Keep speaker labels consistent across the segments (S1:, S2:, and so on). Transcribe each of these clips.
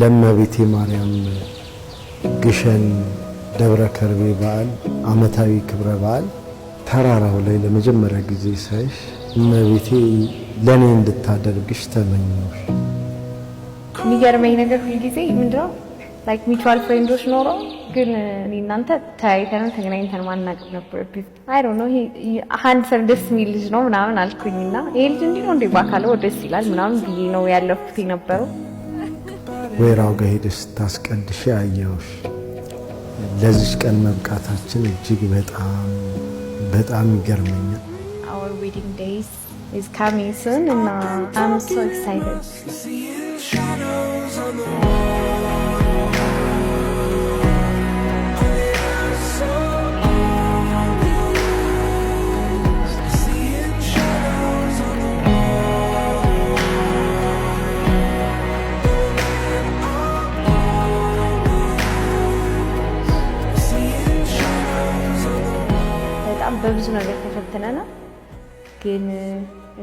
S1: ለመቤቴ ማርያም ግሸን ደብረ ከርቤ በዓል ዓመታዊ ክብረ በዓል ተራራው ላይ ለመጀመሪያ ጊዜ ሳይሽ እመቤቴ ለእኔ እንድታደርግሽ ተመኘሽ።
S2: የሚገርመኝ ነገር ሁልጊዜ ምንድነው ላይክ ሚቹዋል ፍሬንዶች ኖሮ ግን እናንተ ተያይተን ተገናኝተን ማናውቅም ነበር። ቢዝ አይ ዶንት ኖ አንድ ደስ የሚል ልጅ ነው ምናምን አልኩኝና ይሄ ልጅ እንዲህ ነው እንዴ በአካል ደስ ይላል ምናምን ብዬ ነው ያለፍኩት የነበረው።
S1: ወይራው ጋር ሄደሽ ስታስቀድሽ አየሁሽ። ለዚች ቀን መብቃታችን እጅግ በጣም በጣም ይገርመኛል።
S3: እና
S2: በብዙ ነገር ተፈትነናል። ግን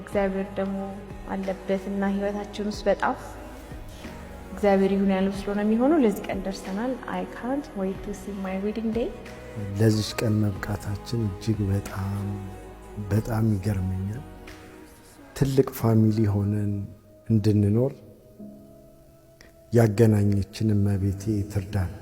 S2: እግዚአብሔር ደግሞ አለበት እና ህይወታችን ውስጥ በጣም እግዚአብሔር ይሁን ያለው ስለሆነ የሚሆነው ለዚህ ቀን ደርሰናል። አይ ካንት ዌይት ቱ ሲ ማይ ዌዲንግ ዴይ።
S1: ለዚህ ቀን መብቃታችን እጅግ በጣም በጣም ይገርመኛል። ትልቅ ፋሚሊ ሆነን እንድንኖር ያገናኘችን እመቤቴ ትርዳል።